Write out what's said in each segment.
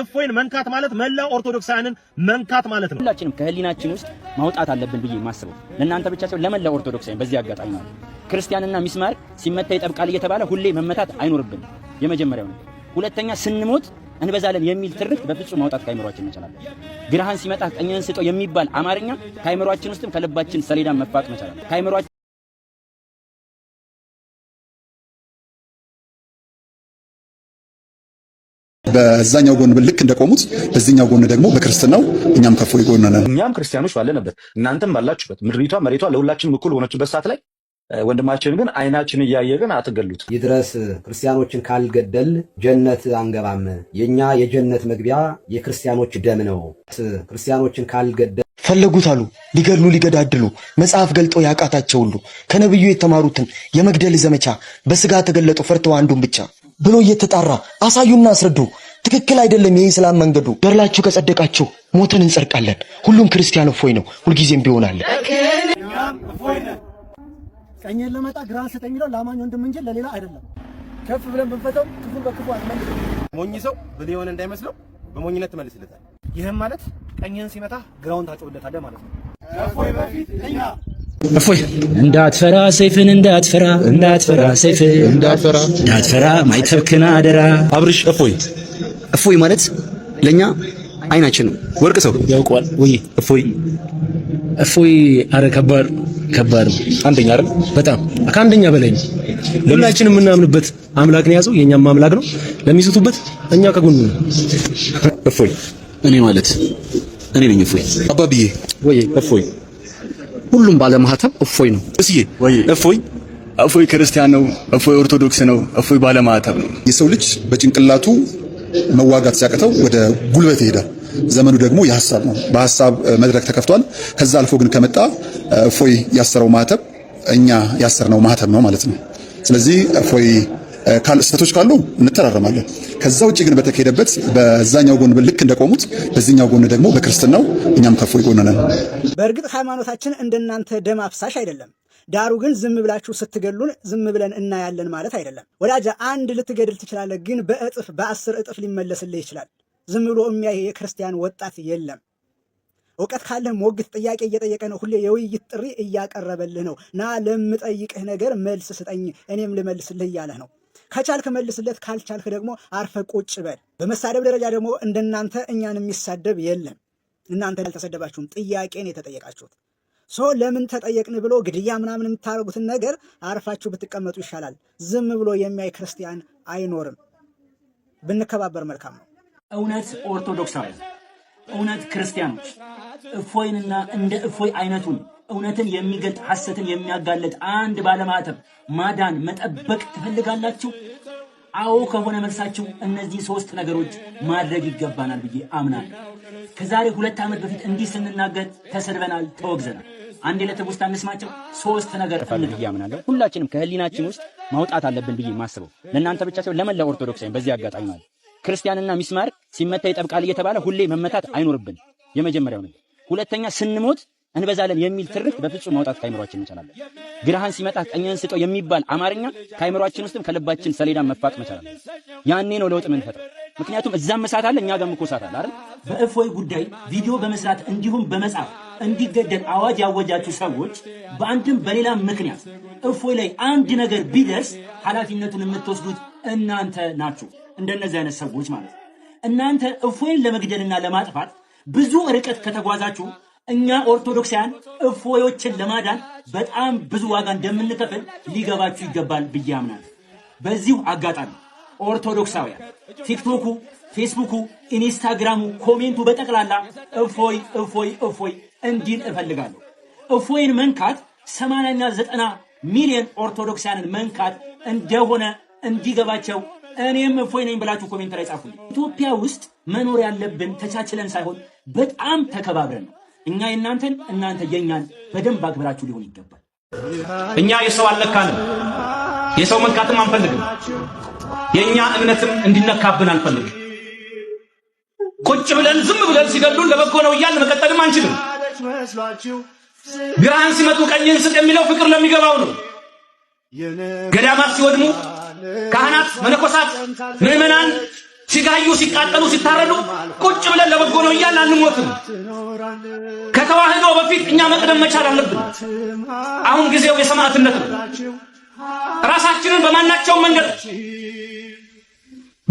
እፎይን መንካት ማለት መላ ኦርቶዶክሳውያንን መንካት ማለት ነው። ሁላችንም ከህሊናችን ውስጥ ማውጣት አለብን ብዬ ማስበው ለእናንተ ብቻ ሳይሆን ለመላ ኦርቶዶክሳውያን በዚህ አጋጣሚ ነው። ክርስቲያንና ሚስማር ሲመታ ይጠብቃል እየተባለ ሁሌ መመታት አይኖርብን። የመጀመሪያው ነው። ሁለተኛ ስንሞት እንበዛለን የሚል ትርክት በፍጹም ማውጣት ከአይምሯችን እንችላለን። ግራህን ሲመጣ ቀኝህን ስጠው የሚባል አማርኛ ከአይምሯችን ውስጥም ከልባችን ሰሌዳ መፋቅ መቻላል። በዛኛው ጎን ልክ እንደቆሙት በዚህኛው ጎን ደግሞ በክርስትናው እኛም ከፎ ጎን ነን። እኛም ክርስቲያኖች ባለንበት እናንተም ባላችሁበት ምድሪቷ መሬቷ ለሁላችንም እኩል ሆነችበት ሰዓት ላይ ወንድማችን ግን አይናችን እያየ ግን አትገሉት። ይድረስ ክርስቲያኖችን ካልገደል ጀነት አንገባም። የእኛ የጀነት መግቢያ የክርስቲያኖች ደም ነው። ክርስቲያኖችን ካልገደል ፈለጉት አሉ ሊገድሉ ሊገዳድሉ መጽሐፍ ገልጠው ያቃታቸው ሁሉ ከነቢዩ የተማሩትን የመግደል ዘመቻ በስጋ ተገለጡ ፈርተው አንዱን ብቻ ብሎ እየተጣራ አሳዩና አስረዱ ትክክል አይደለም። ይህ ስላም መንገዱ ገድላችሁ ከጸደቃችሁ ሞተን እንጸድቃለን። ሁሉም ክርስቲያን እፎይ ነው። ሁልጊዜም ቢሆናለን ቀኝን ለመጣ ግራን ስጠኝ የሚለው ለአማኝ ወንድም እንጂ ለሌላ አይደለም። ከፍ ብለን ብንፈተው ክፉን በክፉ አትመልስ። ሞኝ ሰው ብልህ የሆነ እንዳይመስለው በሞኝነት ትመልስለታል። ይህም ማለት ቀኝህን ሲመታ ግራውን ታጮለታለህ ማለት ነው። ከእፎይ በፊት እኛ እፎይ እንዳትፈራ ሰይፍን እንዳትፈራ እንዳትፈራ ሰይፍን እንዳትፈራ እንዳትፈራ ማይተብክን አደራ አብርሽ እፎይ እፎይ ማለት ለኛ አይናችን ነው። ወርቅ ሰው ያውቀዋል ወይ? እፎይ እፎይ። አረ ከባድ ከባድ፣ አንደኛ አይደል? በጣም ከአንደኛ በላይ ነው። ሁላችንም የምናምንበት አምላክ ነው የያዘው፣ የኛም አምላክ ነው። ለሚስቱበት እኛ ከጎኑ ነው። እፎይ እኔ ማለት እኔ ነኝ። እፎይ አባብዬ ወይ እፎይ። ሁሉም ባለማህተም እፎይ ነው። እስዬ ወይ እፎይ እፎይ ክርስቲያን ነው። እፎይ ኦርቶዶክስ ነው። እፎይ ባለማህተብ ነው። የሰው ልጅ በጭንቅላቱ መዋጋት ሲያቅተው ወደ ጉልበት ይሄዳል። ዘመኑ ደግሞ የሀሳብ ነው። በሀሳብ መድረክ ተከፍቷል። ከዛ አልፎ ግን ከመጣ እፎይ ያሰረው ማህተብ እኛ ያሰርነው ማህተብ ነው ማለት ነው። ስለዚህ እፎይ ስህተቶች ካሉ እንተራረማለን። ከዛ ውጭ ግን በተካሄደበት በዛኛው ጎን ልክ እንደቆሙት በዚህኛው ጎን ደግሞ በክርስትናው እኛም ከእፎይ ጎን ነን። በእርግጥ ሃይማኖታችን እንደናንተ ደም አፍሳሽ አይደለም። ዳሩ ግን ዝም ብላችሁ ስትገሉን ዝም ብለን እናያለን ማለት አይደለም። ወዳጅ አንድ ልትገድል ትችላለህ፣ ግን በእጥፍ በአስር እጥፍ ሊመለስልህ ይችላል። ዝም ብሎ የሚያይ የክርስቲያን ወጣት የለም። እውቀት ካለህ ሞግት። ጥያቄ እየጠየቀ ነው። ሁሌ የውይይት ጥሪ እያቀረበልህ ነው። ና ለምጠይቅህ ነገር መልስ ስጠኝ፣ እኔም ልመልስልህ እያለህ ነው። ከቻልክ መልስለት፣ ካልቻልክ ደግሞ አርፈ ቁጭ በል። በመሳደብ ደረጃ ደግሞ እንደናንተ እኛን የሚሳደብ የለም። እናንተ ያልተሰደባችሁም ጥያቄን የተጠየቃችሁት ሶ ለምን ተጠየቅን ብሎ ግድያ ምናምን የምታደርጉትን ነገር አርፋችሁ ብትቀመጡ ይሻላል። ዝም ብሎ የሚያይ ክርስቲያን አይኖርም። ብንከባበር መልካም ነው። እውነት ኦርቶዶክሳዊ፣ እውነት ክርስቲያኖች እፎይንና እንደ እፎይ አይነቱን እውነትን የሚገልጥ ሐሰትን የሚያጋለጥ አንድ ባለማዕተብ ማዳን መጠበቅ ትፈልጋላችሁ? አዎ ከሆነ መልሳቸው እነዚህ ሶስት ነገሮች ማድረግ ይገባናል ብዬ አምናል። ከዛሬ ሁለት ዓመት በፊት እንዲህ ስንናገር ተሰድበናል፣ ተወግዘናል። አንድ ለትውስታ እንስማቸው። ሶስት ነገር ፈል ብዬ አምናለሁ። ሁላችንም ከህሊናችን ውስጥ ማውጣት አለብን ብዬ ማስበው ለእናንተ ብቻ ሳይሆን ለመላው ኦርቶዶክሳዊ በዚህ አጋጣሚ ማለት ክርስቲያንና ሚስማር ሲመታ ይጠብቃል እየተባለ ሁሌ መመታት አይኖርብን። የመጀመሪያው ነገር። ሁለተኛ ስንሞት እንበዛለን የሚል ትርክ በፍጹም ማውጣት ከአይምሯችን እንችላለን። ግራህን ሲመጣ ቀኝህን ስጠው የሚባል አማርኛ ከአይምሯችን ውስጥም ከልባችን ሰሌዳን መፋቅ መቻላለን። ያኔ ነው ለውጥ የምንፈጥረው። ምክንያቱም እዛም እሳት አለ፣ እኛ ጋርም እኮ አለ አይደል? በእፎይ ጉዳይ ቪዲዮ በመስራት እንዲሁም በመጻፍ እንዲገደል አዋጅ ያወጃችሁ ሰዎች በአንድም በሌላ ምክንያት እፎይ ላይ አንድ ነገር ቢደርስ ኃላፊነቱን የምትወስዱት እናንተ ናችሁ። እንደነዚህ አይነት ሰዎች ማለት ነው። እናንተ እፎይን ለመግደልና ለማጥፋት ብዙ ርቀት ከተጓዛችሁ እኛ ኦርቶዶክሳውያን እፎዮችን ለማዳን በጣም ብዙ ዋጋ እንደምንከፍል ሊገባችሁ ይገባል ብዬ አምናለሁ። በዚሁ አጋጣሚ ኦርቶዶክሳውያን ቲክቶኩ፣ ፌስቡኩ፣ ኢንስታግራሙ፣ ኮሜንቱ በጠቅላላ እፎይ እፎይ እፎይ እንዲል እፈልጋለሁ። እፎይን መንካት ሰማንያና ዘጠና ሚሊዮን ኦርቶዶክሳውያንን መንካት እንደሆነ እንዲገባቸው እኔም እፎይ ነኝ ብላችሁ ኮሜንት ላይ ጻፉ። ኢትዮጵያ ውስጥ መኖር ያለብን ተቻችለን ሳይሆን በጣም ተከባብረን ነው። እኛ የእናንተን እናንተ የእኛን በደንብ አግብራችሁ ሊሆን ይገባል። እኛ የሰው አልነካንም፣ የሰው መንካትም አንፈልግም። የእኛ እምነትም እንዲነካብን አንፈልግም። ቁጭ ብለን ዝም ብለን ሲገሉን ለበጎ ነው እያልን መቀጠልም አንችልም። ግራህን ሲመጡ ቀኝን ስጥ የሚለው ፍቅር ለሚገባው ነው። ገዳማት ሲወድሙ ካህናት፣ መነኮሳት፣ ምዕመናን ሲጋዩ፣ ሲቃጠሉ፣ ሲታረዱ ቁጭ ብለን ለበጎ ነው እያልን አንሞትም። ከተዋህዶ በፊት እኛ መቅደም መቻል አለብን። አሁን ጊዜው የሰማዕትነት ነው። ራሳችንን በማናቸውም መንገድ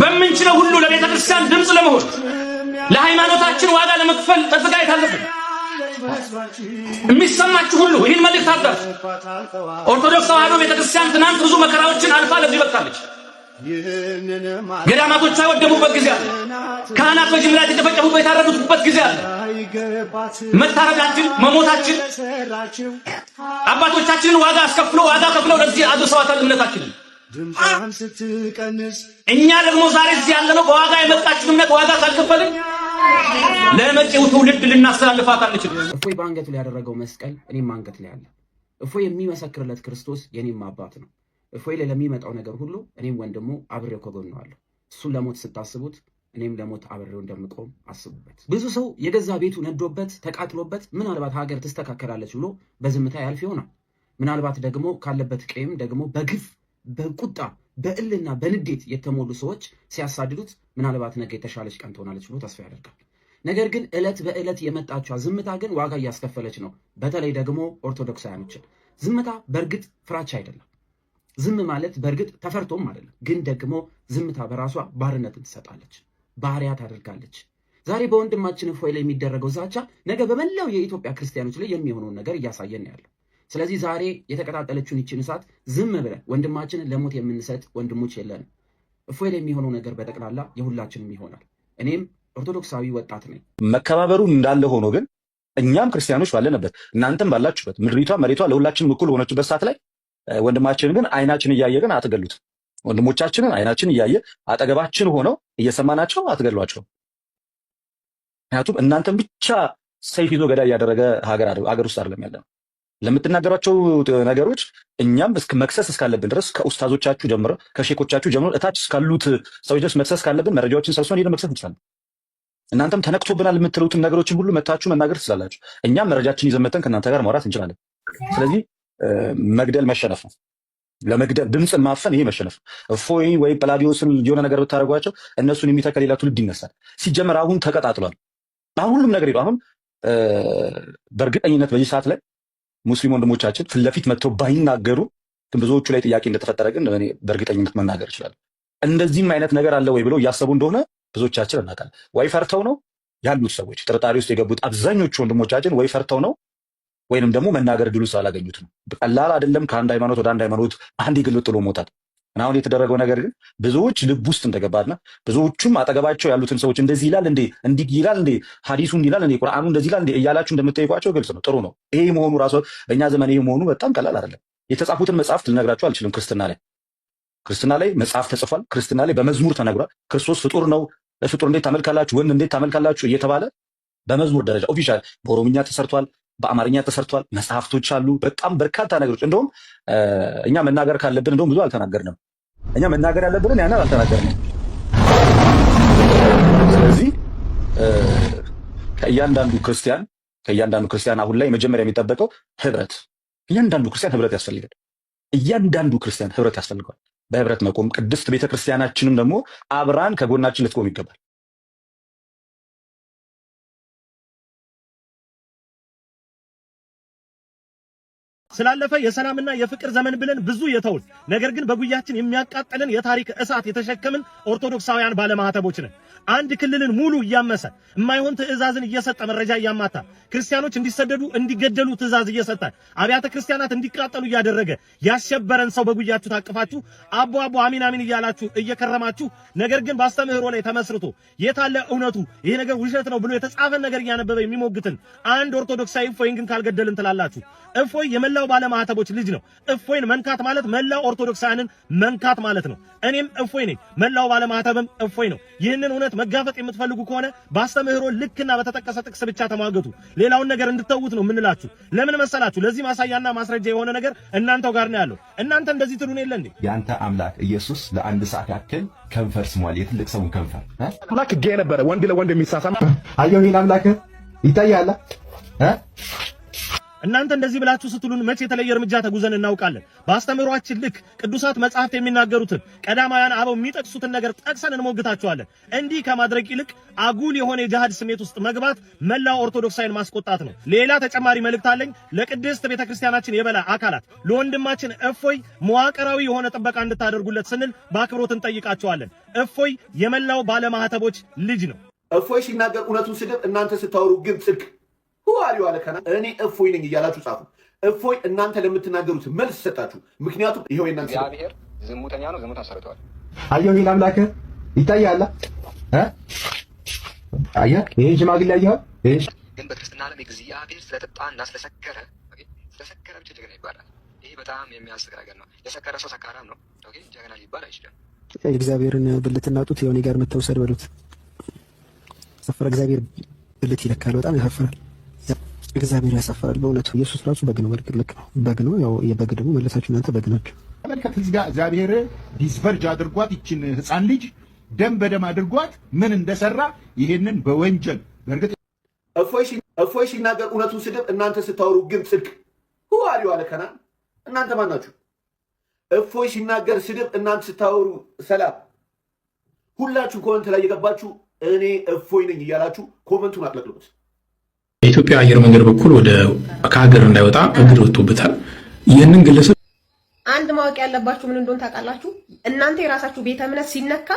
በምንችለው ሁሉ ለቤተ ክርስቲያን ድምፅ ለመሆን ለሃይማኖታችን ዋጋ ለመክፈል መዘጋጀት አለብን። የሚሰማችሁ ሁሉ ይህን መልእክት አዳርሱ። ኦርቶዶክስ ተዋህዶ ቤተክርስቲያን ትናንት ብዙ መከራዎችን አልፋ ለዚህ በቅታለች። ገዳማቶች ሳይወደሙበት ጊዜ አለ። ካህናት በጅምላ የተጨፈጨፉበት የታረዱበት ጊዜ አለ። መታረዳችን መሞታችን አባቶቻችንን ዋጋ አስከፍሎ ዋጋ ከፍለው ለዚህ አድርሰዋታል እምነታችንን። እኛ ደግሞ ዛሬ እዚህ ያለነው በዋጋ የመጣችን እምነት ዋጋ ካልከፈልን ለመጪው ትውልድ ልናስተላልፋት አንችልም። እፎይ በአንገቱ ላይ ያደረገው መስቀል እኔም አንገት ላይ አለ። እፎይ የሚመሰክርለት ክርስቶስ የኔም አባት ነው። እፎይ ላይ ለሚመጣው ነገር ሁሉ እኔም ወንድሙ አብሬው ከጎነዋለሁ። እሱን ለሞት ስታስቡት እኔም ለሞት አብሬው እንደምቆም አስቡበት። ብዙ ሰው የገዛ ቤቱ ነዶበት ተቃጥሎበት ምናልባት ሀገር ትስተካከላለች ብሎ በዝምታ ያልፍ ይሆናል። ምናልባት ደግሞ ካለበት ቀይም ደግሞ በግፍ በቁጣ በእልና በንዴት የተሞሉ ሰዎች ሲያሳድዱት ምናልባት ነገ የተሻለች ቀን ትሆናለች ብሎ ተስፋ ያደርጋል። ነገር ግን ዕለት በዕለት የመጣቿ ዝምታ ግን ዋጋ እያስከፈለች ነው። በተለይ ደግሞ ኦርቶዶክሳውያኖችን ዝምታ በእርግጥ ፍራቻ አይደለም ዝም ማለት በእርግጥ ተፈርቶም አይደለም፣ ግን ደግሞ ዝምታ በራሷ ባርነትን ትሰጣለች፣ ባሪያ ታደርጋለች። ዛሬ በወንድማችን እፎይ ላይ የሚደረገው ዛቻ ነገ በመላው የኢትዮጵያ ክርስቲያኖች ላይ የሚሆነውን ነገር እያሳየን ያለው። ስለዚህ ዛሬ የተቀጣጠለችውን ይችን እሳት ዝም ብለን ወንድማችንን ለሞት የምንሰጥ ወንድሞች የለንም። እፎይ ላይ የሚሆነው ነገር በጠቅላላ የሁላችንም ይሆናል። እኔም ኦርቶዶክሳዊ ወጣት ነኝ። መከባበሩ እንዳለ ሆኖ ግን እኛም ክርስቲያኖች ባለንበት እናንተም ባላችሁበት ምድሪቷ መሬቷ ለሁላችንም እኩል ሆነችበት ሰዓት ላይ ወንድማችን ግን አይናችን እያየ ግን አትገሉትም። ወንድሞቻችንን አይናችን እያየ አጠገባችን ሆነው እየሰማናቸው አትገሏቸው ምክንያቱም እናንተን ብቻ ሰይፍ ይዞ ገዳይ እያደረገ ሀገር ውስጥ አይደለም ያለ ነው። ለምትናገሯቸው ነገሮች እኛም መክሰስ እስካለብን ድረስ ከኡስታዞቻችሁ ጀምረ ከሼኮቻችሁ ጀምሮ እታች እስካሉት ሰዎች ድረስ መክሰስ እስካለብን መረጃዎችን ሰብስበን ሄደን መክሰስ እንችላለን። እናንተም ተነክቶብናል የምትሉትን ነገሮችን ሁሉ መታችሁ መናገር ትችላላችሁ። እኛም መረጃችን ይዘመተን ከእናንተ ጋር ማውራት እንችላለን። ስለዚህ መግደል መሸነፍ ነው። ለመግደል ድምፅን ማፈን ይሄ መሸነፍ ነው። እፎይ ወይ ጵላዲዮስን የሆነ ነገር ብታደርጓቸው እነሱን የሚተካ ሌላ ትውልድ ይነሳል። ሲጀመር አሁን ተቀጣጥሏል። አሁን ሁሉም ነገር ይሉ አሁን በእርግጠኝነት በዚህ ሰዓት ላይ ሙስሊም ወንድሞቻችን ፊት ለፊት መጥተው ባይናገሩ ግን ብዙዎቹ ላይ ጥያቄ እንደተፈጠረ ግን እኔ በእርግጠኝነት መናገር ይችላል። እንደዚህም አይነት ነገር አለ ወይ ብለው እያሰቡ እንደሆነ ብዙዎቻችን እናውቃለን። ወይ ፈርተው ነው ያሉት ሰዎች ጥርጣሬ ውስጥ የገቡት አብዛኞቹ ወንድሞቻችን ወይ ፈርተው ነው ወይንም ደግሞ መናገር ድሉ ነው። ቀላል አይደለም። ከአንድ ሃይማኖት ወደ አንድ ሃይማኖት አንድ ግል ጥሎ መውጣት እና አሁን የተደረገው ነገር ግን ብዙዎች ልብ ውስጥ እንደገባና ብዙዎቹም አጠገባቸው ያሉትን ሰዎች እንደዚህ ይላል እንዴ እንዲህ ይላል እንዴ ሐዲሱ እንዲህ ይላል እንዴ ቁርአኑ እንደዚህ ይላል እንዴ እያላችሁ እንደምትጠይቋቸው ግልጽ ነው። ጥሩ ነው። ይሄ መሆኑ ራሱ በእኛ ዘመን ይሄ መሆኑ በጣም ቀላል አይደለም። የተጻፉትን መጽሐፍት ልነግራችሁ አልችልም። ክርስትና ላይ ክርስትና ላይ መጽሐፍ ተጽፏል። ክርስትና ላይ በመዝሙር ተነግሯል። ክርስቶስ ፍጡር ነው፣ ፍጡር እንዴት ታመልካላችሁ፣ ወንድ እንዴት ታመልካላችሁ እየተባለ በመዝሙር ደረጃ ኦፊሻል በኦሮምኛ ተሰርቷል፣ በአማርኛ ተሰርቷል። መጽሐፍቶች አሉ። በጣም በርካታ ነገሮች እንደውም እኛ መናገር ካለብን እንደውም ብዙ አልተናገርንም። እኛ መናገር ያለብንን ያንን አልተናገርንም። ስለዚህ ከእያንዳንዱ ክርስቲያን ከእያንዳንዱ ክርስቲያን አሁን ላይ መጀመሪያ የሚጠበቀው ህብረት፣ እያንዳንዱ ክርስቲያን ህብረት ያስፈልጋል። እያንዳንዱ ክርስቲያን ህብረት ያስፈልገዋል። በህብረት መቆም ቅድስት ቤተክርስቲያናችንም ደግሞ አብራን ከጎናችን ልትቆም ይገባል። ስላለፈ የሰላምና የፍቅር ዘመን ብለን ብዙ የተውን ነገር ግን በጉያችን የሚያቃጥልን የታሪክ እሳት የተሸከምን ኦርቶዶክሳውያን ባለማህተቦች ነን። አንድ ክልልን ሙሉ እያመሰ የማይሆን ትዕዛዝን እየሰጠ መረጃ እያማታ ክርስቲያኖች እንዲሰደዱ እንዲገደሉ ትዕዛዝ እየሰጠ አብያተ ክርስቲያናት እንዲቃጠሉ እያደረገ ያሸበረን ሰው በጉያችሁ ታቅፋችሁ አቦ አቦ አሚን አሚን እያላችሁ እየከረማችሁ፣ ነገር ግን ባስተምህሮ ላይ ተመስርቶ የታለ እውነቱ ይሄ ነገር ውሸት ነው ብሎ የተጻፈን ነገር እያነበበ የሚሞግትን አንድ ኦርቶዶክሳዊ እፎይን ግን ካልገደልን ትላላችሁ። እፎይ የመላው ባለማህተቦች ልጅ ነው። እፎይን መንካት ማለት መላው ኦርቶዶክሳውያንን መንካት ማለት ነው። እኔም እፎይ ነኝ፣ መላው ባለማህተብም እፎይ ነው። ይህንን እውነት ምክንያት መጋፈጥ የምትፈልጉ ከሆነ በአስተምህሮ ልክና በተጠቀሰ ጥቅስ ብቻ ተሟገቱ። ሌላውን ነገር እንድተውት ነው የምንላችሁ። ለምን መሰላችሁ? ለዚህ ማሳያና ማስረጃ የሆነ ነገር እናንተው ጋር ነው ያለው። እናንተ እንደዚህ ትሉን የለ እንዴ? ያንተ አምላክ ኢየሱስ ለአንድ ሰዓት ያክል ከንፈር ስሟል። የትልቅ ሰውን ከንፈር አምላክ ጌ ነበረ፣ ወንድ ለወንድ የሚሳሳ አየው። ይህን አምላክ ይታያላ እናንተ እንደዚህ ብላችሁ ስትሉን መቼ የተለየ እርምጃ ተጉዘን እናውቃለን? በአስተምሯችን ልክ ቅዱሳት መጽሐፍት የሚናገሩትን ቀዳማውያን አበው የሚጠቅሱትን ነገር ጠቅሰን እንሞግታችኋለን። እንዲህ ከማድረግ ይልቅ አጉል የሆነ የጅሃድ ስሜት ውስጥ መግባት መላው ኦርቶዶክሳዊን ማስቆጣት ነው። ሌላ ተጨማሪ መልእክት አለኝ። ለቅድስት ቤተክርስቲያናችን የበላ አካላት ለወንድማችን እፎይ መዋቅራዊ የሆነ ጥበቃ እንድታደርጉለት ስንል በአክብሮት እንጠይቃቸዋለን። እፎይ የመላው ባለማህተቦች ልጅ ነው። እፎይ ሲናገር እውነቱን ስድብ፣ እናንተ ስታወሩ ግን ጽድቅ ሁዋሪ ከና እኔ እፎይ ነኝ እያላችሁ ጻፉ። እፎይ እናንተ ለምትናገሩት መልስ ሰጣችሁ። ምክንያቱም ይኸው የእናንተ እግዚአብሔር ዝሙተኛ ነው፣ ዝሙት አሰርተዋል። አየሁ ይል አምላክ ይታያለ አየ ይህን ሽማግሌ አየኸው። ግን በክርስትና ዓለም እግዚአብሔር እና ስለሰከረ ስለሰከረ ብቻ ጀግና ይባላል። ይሄ በጣም የሚያስቅ ነገር ነው። የሰከረ ሰው ሰካራም ነው፣ ጀግና ሊባል አይችልም። የእግዚአብሔርን ብልት እናጡት የሆኔ ጋር መተውሰድ በሉት ሰፈረ። እግዚአብሔር ብልት ይለካል፣ በጣም ያሳፍራል። እግዚአብሔር ያሰፋል። በእውነቱ ኢየሱስ ራሱ በግ ነው። በእርግጥ ልክ ነው፣ በግ ነው። ያው የበግ ደግሞ መለሳችሁ እናንተ በግ ናቸው። ተመልከት፣ እዚህ ጋር እግዚአብሔር ዲስቨርጅ አድርጓት ይችን ህፃን ልጅ ደም በደም አድርጓት ምን እንደሰራ ይሄንን በወንጀል በእርግጥ እፎይ ሲናገር እውነቱን ስድብ፣ እናንተ ስታወሩ ግን ጽድቅ ሁዋሪው አለከና እናንተ ማን ናችሁ? እፎይ ሲናገር ስድብ፣ እናንተ ስታወሩ ሰላም። ሁላችሁ ኮመንት ላይ የገባችሁ እኔ እፎይ ነኝ እያላችሁ ኮመንቱን አጥለቅልቁት። በኢትዮጵያ አየር መንገድ በኩል ወደ ከሀገር እንዳይወጣ እግድ ወጥቶበታል። ይህንን ግለሰብ አንድ ማወቅ ያለባችሁ ምን እንደሆን ታውቃላችሁ? እናንተ የራሳችሁ ቤተ እምነት ሲነካ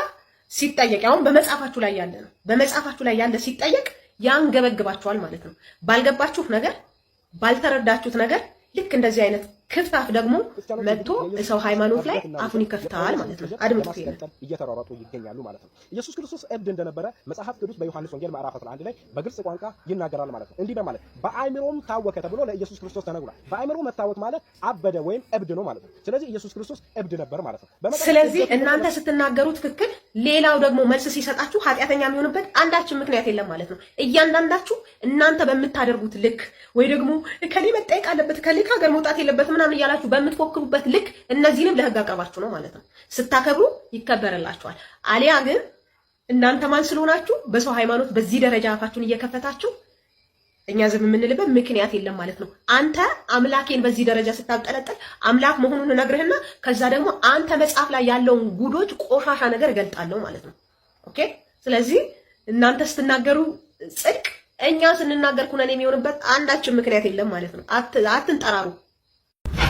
ሲጠየቅ፣ አሁን በመጽሐፋችሁ ላይ ያለ ነው። በመጽሐፋችሁ ላይ ያለ ሲጠየቅ ያንገበግባችኋል ማለት ነው። ባልገባችሁ ነገር፣ ባልተረዳችሁት ነገር ልክ እንደዚህ አይነት ክፍት አፍ ደግሞ መጥቶ ሰው ሃይማኖት ላይ አፉን ይከፍታል ማለት ነው። አድምጡ። እየተሯሯጡ ይገኛሉ ማለት ነው። ኢየሱስ ክርስቶስ እብድ እንደነበረ መጽሐፍ ቅዱስ በዮሐንስ ወንጌል ምዕራፍ 11 ላይ በግልጽ ቋንቋ ይናገራል ማለት ነው። እንዲህ በማለት በአእምሮም ታወከ ተብሎ ለኢየሱስ ክርስቶስ ተነግሯል። በአእምሮ መታወክ ማለት አበደ ወይም እብድ ነው ማለት ነው። ስለዚህ ኢየሱስ ክርስቶስ እብድ ነበር ማለት ነው። ስለዚህ እናንተ ስትናገሩ ትክክል፣ ሌላው ደግሞ መልስ ሲሰጣችሁ ኃጢአተኛ የሚሆንበት አንዳችን ምክንያት የለም ማለት ነው። እያንዳንዳችሁ እናንተ በምታደርጉት ልክ ወይ ደግሞ ከሌ መጠየቅ አለበት ከሌ ከሀገር መውጣት የለበትም ምናምን እያላችሁ በምትፎክሩበት ልክ እነዚህንም ለህግ አቅርባችሁ ነው ማለት ነው። ስታከብሩ ይከበርላችኋል። አሊያ ግን እናንተ ማን ስለሆናችሁ በሰው ሃይማኖት በዚህ ደረጃ አፋችሁን እየከፈታችሁ እኛ ዝም የምንልበት ምክንያት የለም ማለት ነው። አንተ አምላኬን በዚህ ደረጃ ስታብጠለጠል አምላክ መሆኑን እነግርህና ከዛ ደግሞ አንተ መጽሐፍ ላይ ያለውን ጉዶች ቆሻሻ ነገር እገልጣለሁ ማለት ነው። ኦኬ። ስለዚህ እናንተ ስትናገሩ ጽድቅ፣ እኛ ስንናገር ኩነን የሚሆንበት አንዳችን ምክንያት የለም ማለት ነው። አትንጠራሩ።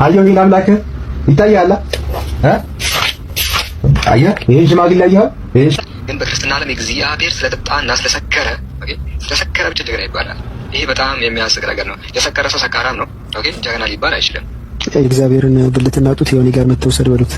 አየሁ ይሄን አምላክ ይታያል። እ አየህ ይሄን ሽማግሌ አየኸው። ይሄን ግን በክርስትና ዓለም እግዚአብሔር ስለጠጣ እና ስለሰከረ ኦኬ፣ ስለሰከረ ብቻ ጀግና ይባላል። ይሄ በጣም የሚያስቅ ነገር ነው። የሰከረ ሰው ሰካራም ነው። ኦኬ፣ ጀግና ሊባል አይችልም። እግዚአብሔርን ብልትና ጡት የሆነ ጋር መተውሰድ በሉት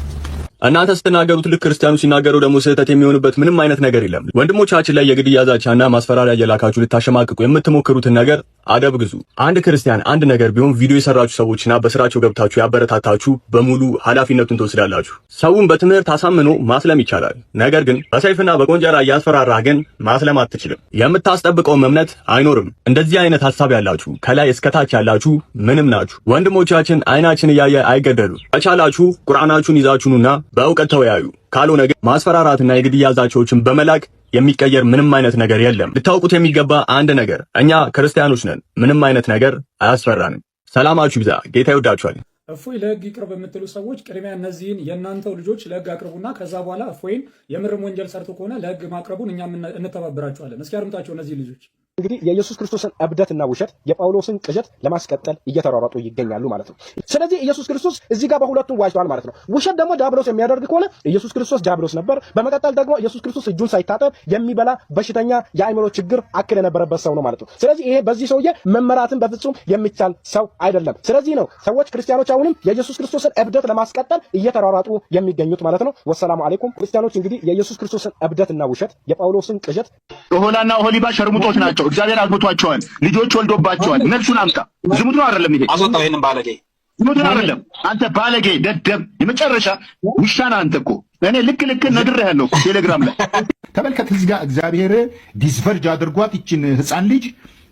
እናንተ ስትናገሩት ልክ ክርስቲያኑ ሲናገረው ደግሞ ስህተት የሚሆንበት ምንም አይነት ነገር የለም። ወንድሞቻችን ላይ የግድያ ዛቻና ማስፈራሪያ እየላካችሁ ልታሸማቅቁ የምትሞክሩትን ነገር አደብ ግዙ። አንድ ክርስቲያን አንድ ነገር ቢሆን ቪዲዮ የሰራችሁ ሰዎችና በስራቸው ገብታችሁ ያበረታታችሁ በሙሉ ኃላፊነቱን ትወስዳላችሁ። ሰውን በትምህርት አሳምኖ ማስለም ይቻላል። ነገር ግን በሰይፍና በቆንጀራ እያስፈራራህ ግን ማስለም አትችልም። የምታስጠብቀውም እምነት አይኖርም። እንደዚህ አይነት ሀሳብ ያላችሁ ከላይ እስከታች ያላችሁ ምንም ናችሁ። ወንድሞቻችን አይናችን እያየ አይገደሉ። ከቻላችሁ ቁርአናችሁን ይዛችሁና በእውቀት ተወያዩ። ካልሆነ ግን ማስፈራራትና የግድያ ዛቻዎችን በመላክ የሚቀየር ምንም አይነት ነገር የለም። ልታውቁት የሚገባ አንድ ነገር፣ እኛ ክርስቲያኖች ነን። ምንም አይነት ነገር አያስፈራንም። ሰላማችሁ ይብዛ። ጌታ ይወዳችኋል። እፎይ ለህግ ይቅር በምትሉ ሰዎች ቅድሚያ እነዚህን የእናንተው ልጆች ለህግ አቅርቡና ከዛ በኋላ እፎይን የምርም ወንጀል ሰርቶ ከሆነ ለህግ ማቅረቡን እኛም እንተባበራችኋለን። እስኪ አድምጣቸው እነዚህ ልጆች እንግዲህ የኢየሱስ ክርስቶስን እብደትና ውሸት የጳውሎስን ቅዠት ለማስቀጠል እየተሯሯጡ ይገኛሉ ማለት ነው። ስለዚህ ኢየሱስ ክርስቶስ እዚህ ጋር በሁለቱም ዋጅቷል ማለት ነው። ውሸት ደግሞ ዲያብሎስ የሚያደርግ ከሆነ ኢየሱስ ክርስቶስ ዲያብሎስ ነበር። በመቀጠል ደግሞ ኢየሱስ ክርስቶስ እጁን ሳይታጠብ የሚበላ በሽተኛ፣ የአእምሮ ችግር አክል የነበረበት ሰው ነው ማለት ነው። ስለዚህ ይሄ በዚህ ሰውዬ መመራትን በፍጹም የሚቻል ሰው አይደለም። ስለዚህ ነው ሰዎች ክርስቲያኖች አሁንም የኢየሱስ ክርስቶስን እብደት ለማስቀጠል እየተሯሯጡ የሚገኙት ማለት ነው። ወሰላሙ አሌይኩም ክርስቲያኖች እንግዲህ የኢየሱስ ክርስቶስን እብደትና ውሸት የጳውሎስን ቅዠት ኦሆላና ኦሆሊባ ሸርሙጦች ናቸው። እግዚአብሔር አግብቷቸዋል፣ ልጆች ወልዶባቸዋል። መልሱን አምጣ። ዝሙት ነው አይደለም? ይሄ አስወጣው፣ ይሄንን ባለጌ ዝሙትን አይደለም። አንተ ባለጌ ደደብ፣ የመጨረሻ ውሻና አንተ እኮ እኔ ልክ ልክ ነግሬሃለሁ። ቴሌግራም ላይ ተመልከት። እዚህ ጋር እግዚአብሔር ዲስቨርጅ አድርጓት ይችን ህፃን ልጅ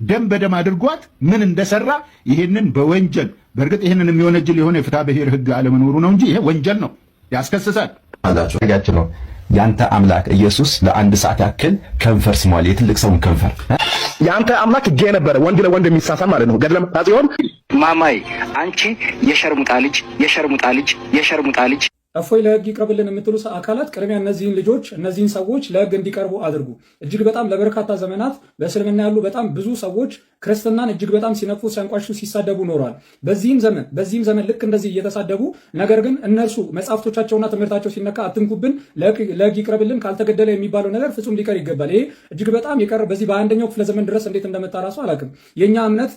ደም በደም አድርጓት ምን እንደሰራ ይሄንን በወንጀል በእርግጥ ይሄንን የሚወነጅል የሆነ የፍትሐ ብሔር ህግ አለመኖሩ ነው እንጂ ይሄ ወንጀል ነው፣ ያስከስሳል። ነው አላችሁ ያንተ አምላክ ኢየሱስ ለአንድ ሰዓት ያክል ከንፈር ስሟል። የትልቅ ሰውን ከንፈር ያንተ አምላክ ጌ ነበረ፣ ወንድ ለወንድ የሚሳሳ ማለት ነው። ገድለ ማማይ አንቺ የሸርሙጣ ልጅ የሸርሙጣ ልጅ የሸርሙጣ ልጅ እፎይ ለህግ ይቅረብልን የምትሉ አካላት ቅድሚያ እነዚህን ልጆች እነዚህን ሰዎች ለህግ እንዲቀርቡ አድርጉ። እጅግ በጣም ለበርካታ ዘመናት በእስልምና ያሉ በጣም ብዙ ሰዎች ክርስትናን እጅግ በጣም ሲነፉ፣ ሲያንቋሹ፣ ሲሳደቡ ኖሯል። በዚህም ዘመን በዚህም ዘመን ልክ እንደዚህ እየተሳደቡ ነገር ግን እነርሱ መጽሐፍቶቻቸውና ትምህርታቸው ሲነካ አትንኩብን፣ ለህግ ይቅረብልን፣ ካልተገደለ የሚባለው ነገር ፍጹም ሊቀር ይገባል። ይሄ እጅግ በጣም የቀረ በዚህ በአንደኛው ክፍለ ዘመን ድረስ እንዴት እንደመጣ ራሱ አላውቅም። የእኛ እምነት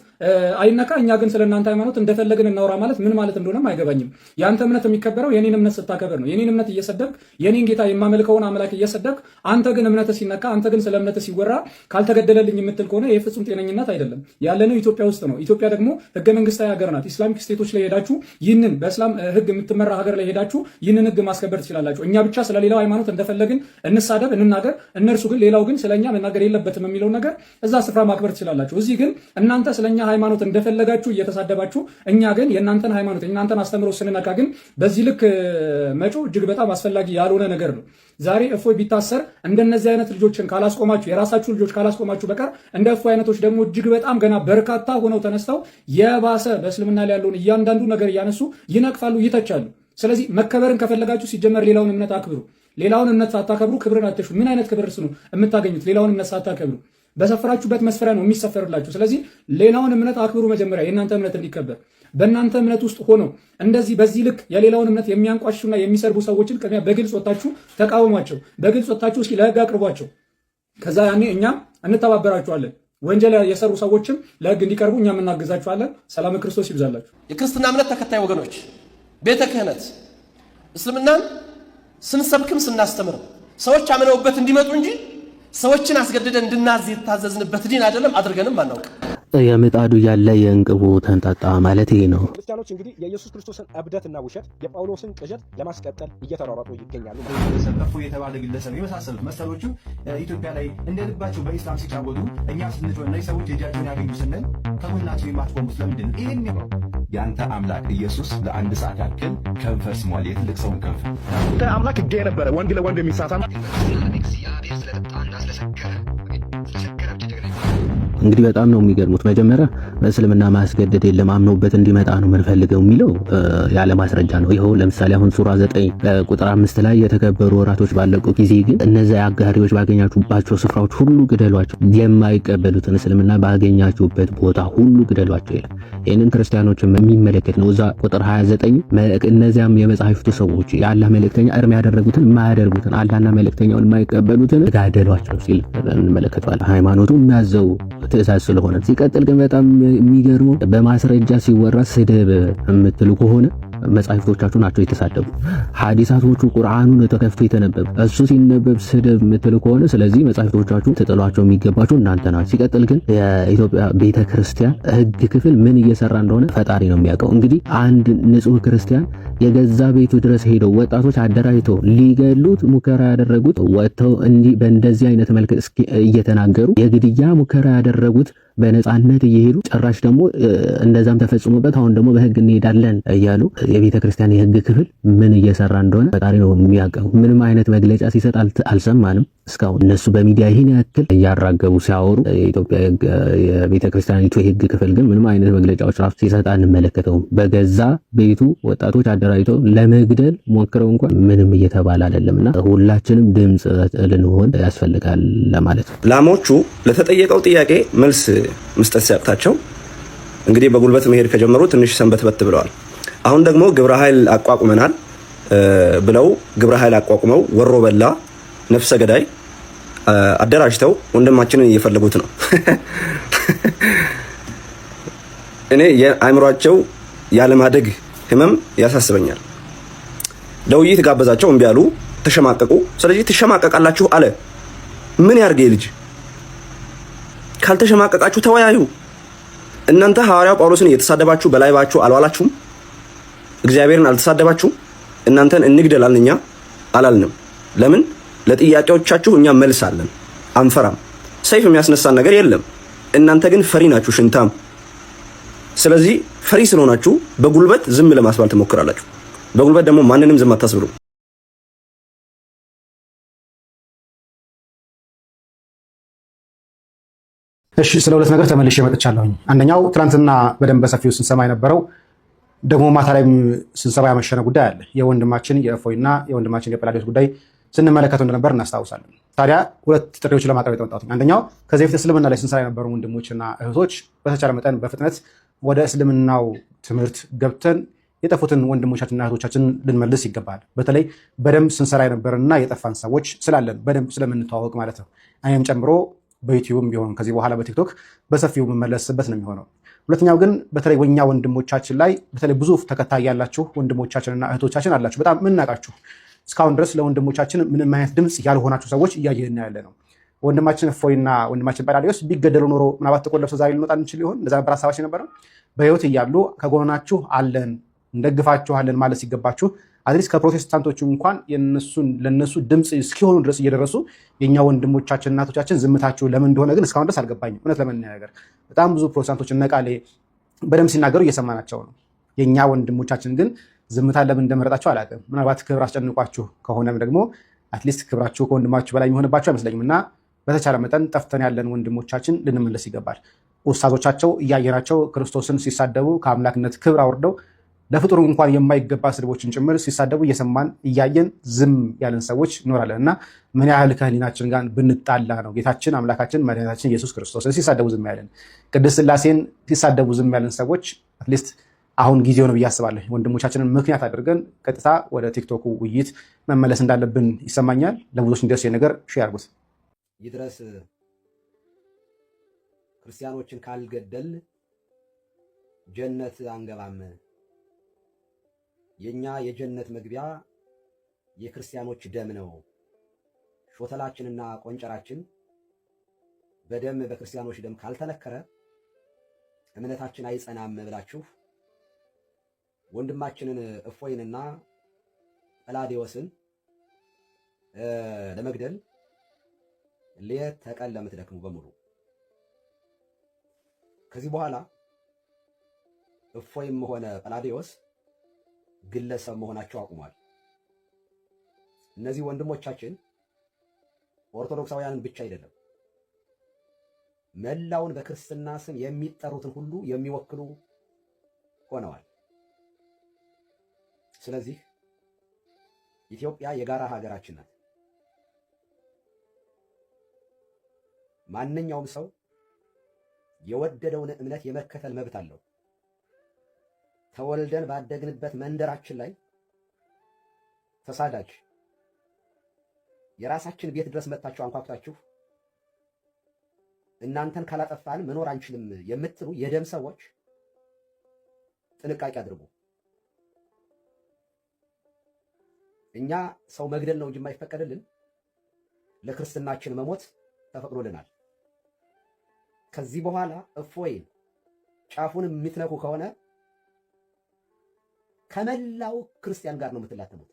አይነካ፣ እኛ ግን ስለ እናንተ ሃይማኖት እንደፈለግን እናውራ ማለት ምን ማለት እንደሆነም አይገባኝም። የአንተ እምነት የሚከበረው የኔን እምነት ስታከብር ነው። የኔን እምነት እየሰደብክ የኔን ጌታ የማመልከውን አምላክ እየሰደብክ አንተ ግን እምነት ሲነካ አንተ ግን ስለ እምነት ሲወራ ካልተገደለልኝ የምትል ከሆነ የፍጹም ጤነኝነት አይደለም። ያለነው ኢትዮጵያ ውስጥ ነው። ኢትዮጵያ ደግሞ ህገ መንግስታዊ ሀገር ናት። ኢስላሚክ ስቴቶች ላይ ሄዳችሁ ይህንን በእስላም ህግ የምትመራ ሀገር ላይ ሄዳችሁ ይህንን ህግ ማስከበር ትችላላችሁ። እኛ ብቻ ስለ ሌላው ሃይማኖት እንደፈለግን እንሳደብ፣ እንናገር፣ እነርሱ ግን ሌላው ግን ስለኛ መናገር የለበትም የሚለውን ነገር እዛ ስፍራ ማክበር ትችላላችሁ። እዚህ ግን እናንተ ስለኛ ሃይማኖት እንደፈለጋችሁ እየተሳደባችሁ፣ እኛ ግን የእናንተን ሃይማኖት የእናንተን አስተምሮ ስንነካ ግን በዚህ ልክ መጮ እጅግ በጣም አስፈላጊ ያልሆነ ነገር ነው። ዛሬ እፎይ ቢታሰር እንደነዚህ አይነት ልጆችን ካላስቆማችሁ፣ የራሳችሁን ልጆች ካላስቆማችሁ በቀር እንደ እፎይ አይነቶች ደግሞ እጅግ በጣም ገና በርካታ ሆነው ተነስተው የባሰ በእስልምና ላይ ያለውን እያንዳንዱ ነገር እያነሱ ይነቅፋሉ፣ ይተቻሉ። ስለዚህ መከበርን ከፈለጋችሁ ሲጀመር ሌላውን እምነት አክብሩ። ሌላውን እምነት ሳታከብሩ ክብርን አትሹ። ምን አይነት ክብር ነው የምታገኙት? ሌላውን እምነት ሳታከብሩ በሰፈራችሁበት መስፈሪያ ነው የሚሰፈርላችሁ። ስለዚህ ሌላውን እምነት አክብሩ መጀመሪያ የእናንተ እምነት እንዲከበር በእናንተ እምነት ውስጥ ሆነው እንደዚህ በዚህ ልክ የሌላውን እምነት የሚያንቋሹና የሚሰርቡ ሰዎችን ቅድሚያ በግልጽ ወታችሁ ተቃወሟቸው። በግልጽ ወታችሁ እስኪ ለህግ አቅርቧቸው። ከዛ ያኔ እኛም እንተባበራችኋለን። ወንጀል የሰሩ ሰዎችም ለህግ እንዲቀርቡ እኛም እናግዛችኋለን። ሰላም ክርስቶስ ይብዛላችሁ። የክርስትና እምነት ተከታይ ወገኖች ቤተ ክህነት እስልምናን ስንሰብክም ስናስተምር ሰዎች አምነውበት እንዲመጡ እንጂ ሰዎችን አስገድደን እንድናዝ የታዘዝንበት ዲን አይደለም። አድርገንም አናውቅም የምጣዱ ያለ የእንቅቡ ተንጣጣ ማለት ይሄ ነው። ክርስቲያኖች እንግዲህ የኢየሱስ ክርስቶስን እብደትና ውሸት የጳውሎስን ቅዠት ለማስቀጠል እየተሯሯጡ ይገኛሉ። ሰጠፎ የተባለ ግለሰብ የመሳሰሉት መሰሎቹ ኢትዮጵያ ላይ እንደ ልባቸው በኢስላም ሲጫወቱ እኛ ስንጮ እነዚህ ሰዎች እጃቸውን ያገኙ ስንል ከጎናቸው የማትቆሙት ለምንድን ነው? ይህን ነው የአንተ አምላክ ኢየሱስ ለአንድ ሰዓት ያክል ከንፈር ስሟል። የትልቅ ሰውን ከንፈር አምላክ እገ የነበረ ወንድ ለወንድ የሚሳሳ ስለሰገረ እንግዲህ በጣም ነው የሚገርሙት። መጀመሪያ በእስልምና ማስገደድ የለም አምነውበት እንዲመጣ ነው የምንፈልገው የሚለው ያለ ማስረጃ ነው። ይኸው ለምሳሌ አሁን ሱራ ዘጠኝ ቁጥር አምስት ላይ የተከበሩ ወራቶች ባለቁ ጊዜ ግን እነዚ አጋሪዎች ባገኛችሁባቸው ስፍራዎች ሁሉ ግደሏቸው፣ የማይቀበሉትን እስልምና ባገኛችሁበት ቦታ ሁሉ ግደሏቸው ይላል። ይህንን ክርስቲያኖችን የሚመለከት ነው። እዛ ቁጥር 29 እነዚያም የመጽሐፍቱ ሰዎች የአላህ መልእክተኛ እርም ያደረጉትን የማያደርጉትን አላህና መልእክተኛውን የማይቀበሉትን ጋደሏቸው ሲል እንመለከተዋለን። ሃይማኖቱ የሚያዘው ትእዛዝ ስለሆነ። ሲቀጥል ግን በጣም የሚገርመው በማስረጃ ሲወራ ስድብ የምትሉ ከሆነ መጻሕፍቶቻችሁ ናቸው የተሳደቡ። ሐዲሳቶቹ ቁርአኑን ተከፍቶ የተነበበ እሱ ሲነበብ ስድብ የምትል ከሆነ ስለዚህ መጻሕፍቶቻችሁ ተጠሏቸው የሚገባቸው እናንተ ናቸው። ሲቀጥል ግን የኢትዮጵያ ቤተ ክርስቲያን ክፍል ምን እየሰራ እንደሆነ ፈጣሪ ነው የሚያውቀው። እንግዲህ አንድ ንጹህ ክርስቲያን የገዛ ቤቱ ድረስ ሄደው ወጣቶች አደራጅተው ሊገሉት ሙከራ ያደረጉት ወጥተው በእንደዚህ አይነት መልክ እየተናገሩ የግድያ ሙከራ ያደረጉት በነፃነት እየሄዱ ጭራሽ ደግሞ እንደዛም ተፈጽሞበት አሁን ደግሞ በህግ እንሄዳለን እያሉ የቤተ ክርስቲያን የህግ ክፍል ምን እየሰራ እንደሆነ ፈጣሪ ነው የሚያውቀው። ምንም አይነት መግለጫ ሲሰጥ አልሰማንም እስካሁን። እነሱ በሚዲያ ይህን ያክል እያራገቡ ሲያወሩ፣ የኢትዮጵያ የቤተ ክርስቲያኒቱ የህግ ክፍል ግን ምንም አይነት መግለጫዎች ራሱ ሲሰጥ አንመለከተውም። በገዛ ቤቱ ወጣቶች አደራጅተው ለመግደል ሞክረው እንኳን ምንም እየተባለ አይደለም እና ሁላችንም ድምፅ ልንሆን ያስፈልጋል ለማለት ነው። ላሞቹ ለተጠየቀው ጥያቄ መልስ መስጠት ሲያቅታቸው እንግዲህ በጉልበት መሄድ ከጀመሩ ትንሽ ሰንበት በት ብለዋል። አሁን ደግሞ ግብረ ኃይል አቋቁመናል ብለው ግብረ ኃይል አቋቁመው ወሮ በላ ነፍሰ ገዳይ አደራጅተው ወንድማችንን እየፈለጉት ነው። እኔ የአእምሯቸው ያለማደግ ህመም ያሳስበኛል። ለውይይት ጋበዛቸው፣ እምቢ አሉ፣ ተሸማቀቁ። ስለዚህ ትሸማቀቃላችሁ አለ። ምን ያርገ ልጅ ካልተሸማቀቃችሁ ተወያዩ። እናንተ ሐዋርያው ጳውሎስን እየተሳደባችሁ በላይባችሁ አልዋላችሁም። እግዚአብሔርን አልተሳደባችሁም። እናንተን እንግደል እኛ አላልንም። ለምን? ለጥያቄዎቻችሁ እኛ መልስ አለን። አንፈራም። ሰይፍ የሚያስነሳን ነገር የለም። እናንተ ግን ፈሪ ናችሁ፣ ሽንታም። ስለዚህ ፈሪ ስለሆናችሁ በጉልበት ዝም ለማስባል ትሞክራላችሁ። በጉልበት ደግሞ ማንንም ዝም አታስብሉ። እሺ ስለ ሁለት ነገር ተመልሼ መጥቻለሁኝ። አንደኛው ትናንትና በደንብ በሰፊው ስንሰማ የነበረው ደግሞ ማታ ላይም ስንሰማ ያመሸነ ጉዳይ አለ። የወንድማችን የእፎይና የወንድማችን የጵላዴዎስ ጉዳይ ስንመለከተው እንደነበር እናስታውሳለን። ታዲያ ሁለት ጥሪዎች ለማቅረብ የተመጣሁት አንደኛው ከዚህ በፊት እስልምና ላይ ስንሰራ የነበሩ ወንድሞችና እህቶች በተቻለ መጠን በፍጥነት ወደ እስልምናው ትምህርት ገብተን የጠፉትን ወንድሞቻችንና እህቶቻችን ልንመልስ ይገባል። በተለይ በደንብ ስንሰራ የነበርና የጠፋን ሰዎች ስላለን በደንብ ስለምንተዋወቅ ማለት ነው። እኔም ጨምሮ በዩቲዩብም ቢሆን ከዚህ በኋላ በቲክቶክ በሰፊው የምመለስበት ነው የሚሆነው። ሁለተኛው ግን በተለይ ወኛ ወንድሞቻችን ላይ በተለይ ብዙ ተከታይ ያላችሁ ወንድሞቻችንና እህቶቻችን አላችሁ። በጣም የምናውቃችሁ እስካሁን ድረስ ለወንድሞቻችን ምንም አይነት ድምፅ ያልሆናችሁ ሰዎች እያየን ያለ ነው። ወንድማችን እፎይና ወንድማችን ጳዳሊዎስ ቢገደሉ ኖሮ ምናባት ጥቁር ለብሰው ዛሬ ልንወጣ እንችል ይሆን? እንደዛ ነበር ሀሳባችን ነበረ። በህይወት እያሉ ከጎናችሁ አለን እንደግፋችኋለን ማለት ሲገባችሁ አትሊስት ከፕሮቴስታንቶች እንኳን ለነሱ ድምፅ እስኪሆኑ ድረስ እየደረሱ የእኛ ወንድሞቻችን እናቶቻችን ዝምታቸው ለምን እንደሆነ ግን እስካሁን ድረስ አልገባኝም። እውነት ለመናገር በጣም ብዙ ፕሮቴስታንቶች እነ ቃሌ በደንብ ሲናገሩ እየሰማናቸው ነው። የእኛ ወንድሞቻችን ግን ዝምታን ለምን እንደመረጣቸው አላውቅም። ምናልባት ክብር አስጨንቋችሁ ከሆነም ደግሞ አትሊስት ክብራችሁ ከወንድማችሁ በላይ የሚሆንባችሁ አይመስለኝም እና በተቻለ መጠን ጠፍተን ያለን ወንድሞቻችን ልንመለስ ይገባል። ኡስታዞቻቸው እያየናቸው ክርስቶስን ሲሳደቡ ከአምላክነት ክብር አውርደው ለፍጡሩ እንኳን የማይገባ ስድቦችን ጭምር ሲሳደቡ እየሰማን እያየን ዝም ያለን ሰዎች እኖራለን እና ምን ያህል ከህሊናችን ጋር ብንጣላ ነው ጌታችን አምላካችን መድኃኒታችን ኢየሱስ ክርስቶስን ሲሳደቡ ዝም ያለን፣ ቅድስት ስላሴን ሲሳደቡ ዝም ያለን ሰዎች አትሊስት አሁን ጊዜው ነው ብዬ አስባለሁ። ወንድሞቻችንን ምክንያት አድርገን ቀጥታ ወደ ቲክቶኩ ውይይት መመለስ እንዳለብን ይሰማኛል። ለብዙዎች እንዲደርስ ነገር ሼር ያርጉት ይድረስ። ክርስቲያኖችን ካልገደል ጀነት አንገባም የእኛ የጀነት መግቢያ የክርስቲያኖች ደም ነው። ሾተላችንና ቆንጨራችን በደም በክርስቲያኖች ደም ካልተነከረ እምነታችን አይጸናም ብላችሁ ወንድማችንን እፎይንና ቀላዲዮስን ለመግደል ሌት ተቀን ለምትደክሙ በሙሉ ከዚህ በኋላ እፎይም ሆነ ቀላዲዮስ ግለሰብ መሆናቸው አቁሟል። እነዚህ ወንድሞቻችን ኦርቶዶክሳውያንን ብቻ አይደለም መላውን በክርስትና ስም የሚጠሩትን ሁሉ የሚወክሉ ሆነዋል። ስለዚህ ኢትዮጵያ የጋራ ሀገራችን ናት። ማንኛውም ሰው የወደደውን እምነት የመከተል መብት አለው። ተወልደን ባደግንበት መንደራችን ላይ ተሳዳጅ የራሳችን ቤት ድረስ መጥታችሁ አንኳኩታችሁ እናንተን ካላጠፋን መኖር አንችልም የምትሉ የደም ሰዎች ጥንቃቄ አድርጉ። እኛ ሰው መግደል ነው እንጂ የማይፈቀድልን ለክርስትናችን መሞት ተፈቅዶልናል። ከዚህ በኋላ እፎይን ጫፉን የምትነኩ ከሆነ ከመላው ክርስቲያን ጋር ነው የምትላተሙት።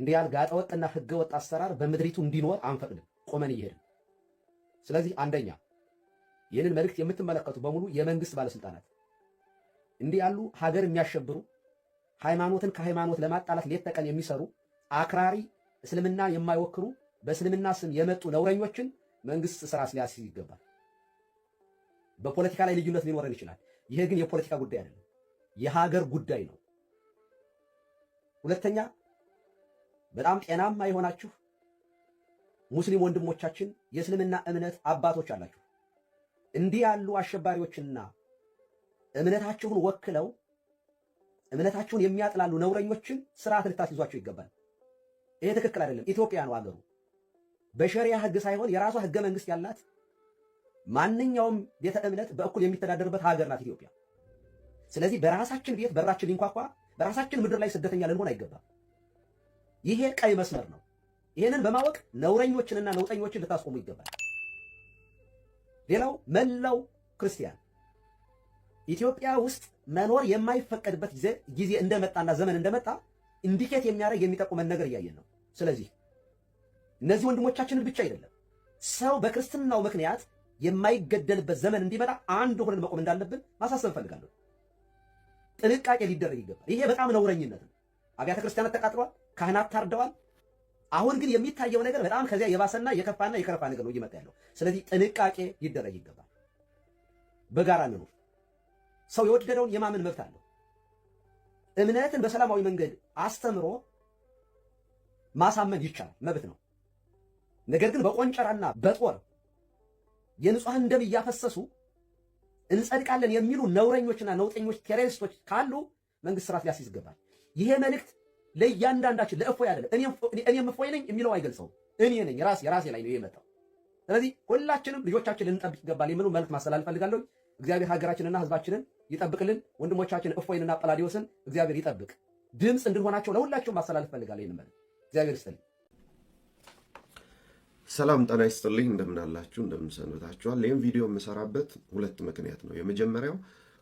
እንዲህ ያል ጋጠ ወጥና ህገ አሰራር በምድሪቱ እንዲኖር አንፈቅድም፣ ቆመን እየሄድን። ስለዚህ አንደኛ ይህንን መልእክት የምትመለከቱ በሙሉ የመንግስት ባለስልጣናት እንዲህ ያሉ ሀገር የሚያሸብሩ ሃይማኖትን ከሃይማኖት ለማጣላት ሌት ተቀን የሚሰሩ አክራሪ እስልምና የማይወክሩ በእስልምና ስም የመጡ ነውረኞችን መንግስት ስራ ሊያስይዝ ይገባል። በፖለቲካ ላይ ልዩነት ሊኖረን ይችላል። ይሄ ግን የፖለቲካ ጉዳይ አይደለም። የሀገር ጉዳይ ነው። ሁለተኛ በጣም ጤናማ የሆናችሁ ሙስሊም ወንድሞቻችን፣ የእስልምና እምነት አባቶች አላችሁ። እንዲህ ያሉ አሸባሪዎችና እምነታችሁን ወክለው እምነታችሁን የሚያጥላሉ ነውረኞችን ስርዓት ልታስይዟቸው ይገባል። ይሄ ትክክል አይደለም። ኢትዮጵያ ነው አገሩ። በሸሪያ ህግ ሳይሆን የራሷ ህገ መንግስት ያላት ማንኛውም ቤተ እምነት በእኩል የሚተዳደርበት ሀገር ናት ኢትዮጵያ። ስለዚህ በራሳችን ቤት በራችን ሊንኳኳ በራሳችን ምድር ላይ ስደተኛ ልንሆን አይገባም። ይሄ ቀይ መስመር ነው። ይህንን በማወቅ ነውረኞችንና ነውጠኞችን ልታስቆሙ ይገባል። ሌላው መላው ክርስቲያን ኢትዮጵያ ውስጥ መኖር የማይፈቀድበት ጊዜ እንደመጣና ዘመን እንደመጣ ኢንዲኬት የሚያደርግ የሚጠቁመን ነገር እያየን ነው። ስለዚህ እነዚህ ወንድሞቻችንን ብቻ አይደለም ሰው በክርስትናው ምክንያት የማይገደልበት ዘመን እንዲመጣ አንድ ሆነን መቆም እንዳለብን ማሳሰብ እፈልጋለሁ። ጥንቃቄ ሊደረግ ይገባል። ይሄ በጣም ነውረኝነት ነው። አብያተ ክርስቲያናት ተቃጥሏል ካህናት ታርደዋል። አሁን ግን የሚታየው ነገር በጣም ከዚያ የባሰና የከፋና የከረፋ ነገር ነው እየመጣ ያለው። ስለዚህ ጥንቃቄ ሊደረግ ይገባል። በጋራ እንኑር። ሰው የወደደውን የማመን መብት አለው። እምነትን በሰላማዊ መንገድ አስተምሮ ማሳመን ይቻላል፣ መብት ነው። ነገር ግን በቆንጨራና በጦር የንጹሐን ደም እያፈሰሱ እንጸድቃለን የሚሉ ነውረኞችና ነውጠኞች ቴሮሪስቶች ካሉ መንግስት ስርዓት ሊያስይዝ ይገባል። ይሄ መልእክት ለእያንዳንዳችን ለእፎ አይደለም። እኔም እፎይ ነኝ የሚለው አይገልጸውም። እኔ ነኝ ራሴ ራሴ ላይ ነው የመጣው። ስለዚህ ሁላችንም ልጆቻችን ልንጠብቅ ይገባል የሚሉ መልእክት ማስተላለፍ ፈልጋለሁ። እግዚአብሔር ሀገራችንና ህዝባችንን ይጠብቅልን። ወንድሞቻችን እፎይንና ጳላዲዮስን እግዚአብሔር ይጠብቅ። ድምፅ እንድንሆናቸው ለሁላችሁም ማስተላለፍ ፈልጋለሁ። ይህን መልእክት እግዚአብሔር ይስጥልኝ። ሰላም ጤና ይስጥልኝ። እንደምናላችሁ አላችሁ? ይህም ቪዲዮ የምሰራበት ሁለት ምክንያት ነው። የመጀመሪያው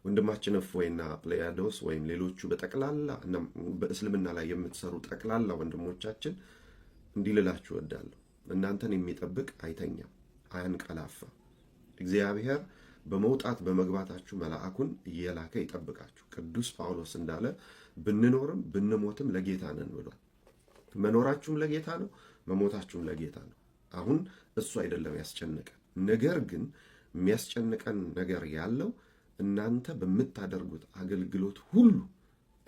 ወንድማችን እፎይና ፕሌያዶስ ወይም ሌሎቹ በጠቅላላ በእስልምና ላይ የምትሰሩ ጠቅላላ ወንድሞቻችን እንዲልላችሁ እወዳለሁ። እናንተን የሚጠብቅ አይተኛም፣ አያንቀላፋ። እግዚአብሔር በመውጣት በመግባታችሁ መልአኩን እየላከ ይጠብቃችሁ። ቅዱስ ጳውሎስ እንዳለ ብንኖርም ብንሞትም ለጌታ ነን ብሏል። መኖራችሁም ለጌታ ነው፣ መሞታችሁም ለጌታ ነው። አሁን እሱ አይደለም ያስጨንቀን። ነገር ግን የሚያስጨንቀን ነገር ያለው እናንተ በምታደርጉት አገልግሎት ሁሉ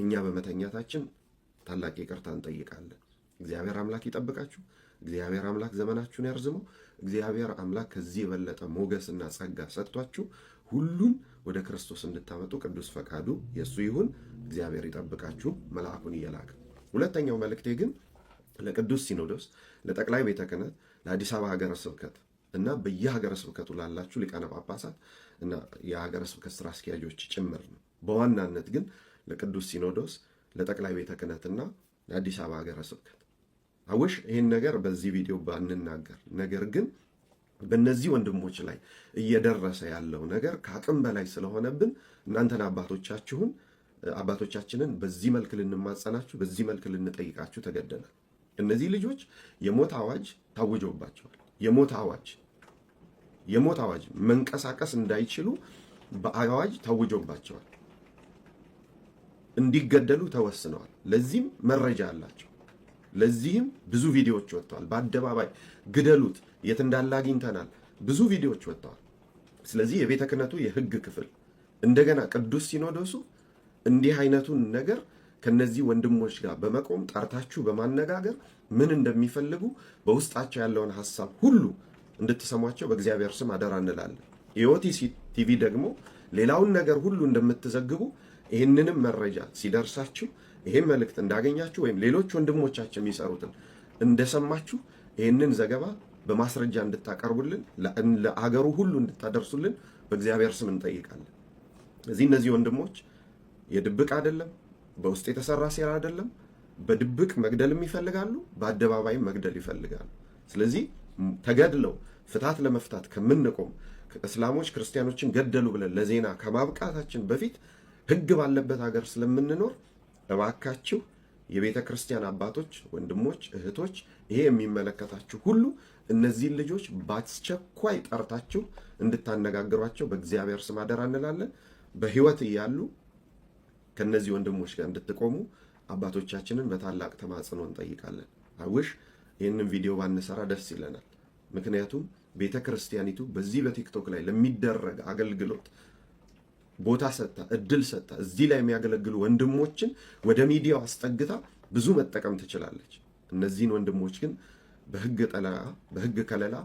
እኛ በመተኛታችን ታላቅ ይቅርታ እንጠይቃለን። እግዚአብሔር አምላክ ይጠብቃችሁ። እግዚአብሔር አምላክ ዘመናችሁን ያርዝመው። እግዚአብሔር አምላክ ከዚህ የበለጠ ሞገስና ጸጋ ሰጥቷችሁ ሁሉን ወደ ክርስቶስ እንድታመጡ ቅዱስ ፈቃዱ የእሱ ይሁን። እግዚአብሔር ይጠብቃችሁ መልአኩን እየላከ። ሁለተኛው መልእክቴ ግን ለቅዱስ ሲኖዶስ፣ ለጠቅላይ ቤተ ክህነት ለአዲስ አበባ ሀገረ ስብከት እና በየሀገረ ስብከቱ ላላችሁ ሊቃነ ጳጳሳት እና የሀገረ ስብከት ስራ አስኪያጆች ጭምር ነው። በዋናነት ግን ለቅዱስ ሲኖዶስ፣ ለጠቅላይ ቤተ ክህነትና ለአዲስ አበባ ሀገረ ስብከት አውሽ ይህን ነገር በዚህ ቪዲዮ ባንናገር፣ ነገር ግን በእነዚህ ወንድሞች ላይ እየደረሰ ያለው ነገር ከአቅም በላይ ስለሆነብን እናንተን አባቶቻችሁን አባቶቻችንን በዚህ መልክ ልንማጸናችሁ፣ በዚህ መልክ ልንጠይቃችሁ ተገደናል። እነዚህ ልጆች የሞት አዋጅ ታውጆባቸዋል። የሞት አዋጅ የሞት አዋጅ መንቀሳቀስ እንዳይችሉ በአዋጅ ታውጆባቸዋል። እንዲገደሉ ተወስነዋል። ለዚህም መረጃ አላቸው። ለዚህም ብዙ ቪዲዮዎች ወጥተዋል። በአደባባይ ግደሉት፣ የት እንዳለ አግኝተናል፣ ብዙ ቪዲዮዎች ወጥተዋል። ስለዚህ የቤተ ክህነቱ ክፍል እንደገና ቅዱስ ሲኖዶሱ እንዲህ አይነቱን ነገር ከነዚህ ወንድሞች ጋር በመቆም ጠርታችሁ በማነጋገር ምን እንደሚፈልጉ በውስጣቸው ያለውን ሀሳብ ሁሉ እንድትሰሟቸው በእግዚአብሔር ስም አደራ እንላለን። ኢዮቲሲ ቲቪ ደግሞ ሌላውን ነገር ሁሉ እንደምትዘግቡ ይህንንም መረጃ ሲደርሳችሁ ይህም መልእክት እንዳገኛችሁ ወይም ሌሎች ወንድሞቻችን የሚሰሩትን እንደሰማችሁ ይህንን ዘገባ በማስረጃ እንድታቀርቡልን ለአገሩ ሁሉ እንድታደርሱልን በእግዚአብሔር ስም እንጠይቃለን። እዚህ እነዚህ ወንድሞች የድብቅ አይደለም በውስጥ የተሰራ ሴራ አይደለም። በድብቅ መግደልም ይፈልጋሉ፣ በአደባባይም መግደል ይፈልጋሉ። ስለዚህ ተገድለው ፍታት ለመፍታት ከምንቆም እስላሞች ክርስቲያኖችን ገደሉ ብለን ለዜና ከማብቃታችን በፊት ሕግ ባለበት ሀገር ስለምንኖር እባካችሁ የቤተ ክርስቲያን አባቶች፣ ወንድሞች፣ እህቶች ይሄ የሚመለከታችሁ ሁሉ እነዚህን ልጆች በአስቸኳይ ጠርታችሁ እንድታነጋግሯቸው በእግዚአብሔር ስም አደራ እንላለን። እያሉ ከነዚህ ወንድሞች ጋር እንድትቆሙ አባቶቻችንን በታላቅ ተማጽኖ እንጠይቃለን። አውሽ ይህንን ቪዲዮ ባንሰራ ደስ ይለናል። ምክንያቱም ቤተ ክርስቲያኒቱ በዚህ በቲክቶክ ላይ ለሚደረግ አገልግሎት ቦታ ሰጥታ እድል ሰጥታ እዚህ ላይ የሚያገለግሉ ወንድሞችን ወደ ሚዲያው አስጠግታ ብዙ መጠቀም ትችላለች። እነዚህን ወንድሞች ግን በህግ ጠለላ በህግ ከለላ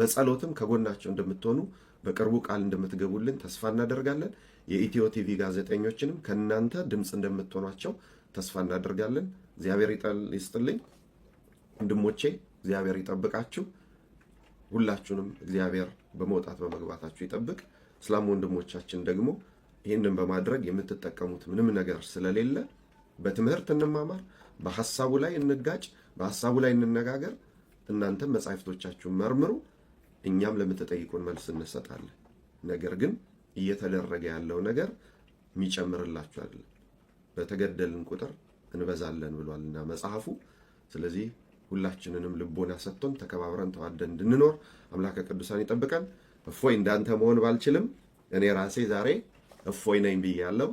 በጸሎትም ከጎናቸው እንደምትሆኑ በቅርቡ ቃል እንደምትገቡልን ተስፋ እናደርጋለን። የኢትዮ ቲቪ ጋዜጠኞችንም ከእናንተ ድምፅ እንደምትሆኗቸው ተስፋ እናደርጋለን። እግዚአብሔር ይስጥልኝ ወንድሞቼ፣ እግዚአብሔር ይጠብቃችሁ። ሁላችሁንም እግዚአብሔር በመውጣት በመግባታችሁ ይጠብቅ። እስላም ወንድሞቻችን ደግሞ ይህንን በማድረግ የምትጠቀሙት ምንም ነገር ስለሌለ በትምህርት እንማማር፣ በሀሳቡ ላይ እንጋጭ፣ በሀሳቡ ላይ እንነጋገር። እናንተም መጻሕፍቶቻችሁን መርምሩ። እኛም ለምትጠይቁን መልስ እንሰጣለን። ነገር ግን እየተደረገ ያለው ነገር የሚጨምርላችሁ አይደለም። በተገደልን ቁጥር እንበዛለን ብሏልና መጽሐፉ። ስለዚህ ሁላችንንም ልቦና ሰጥቶን ተከባብረን ተዋደን እንድንኖር አምላከ ቅዱሳን ይጠብቀን። እፎይ እንዳንተ መሆን ባልችልም እኔ ራሴ ዛሬ እፎይ ነኝ ብያለሁ።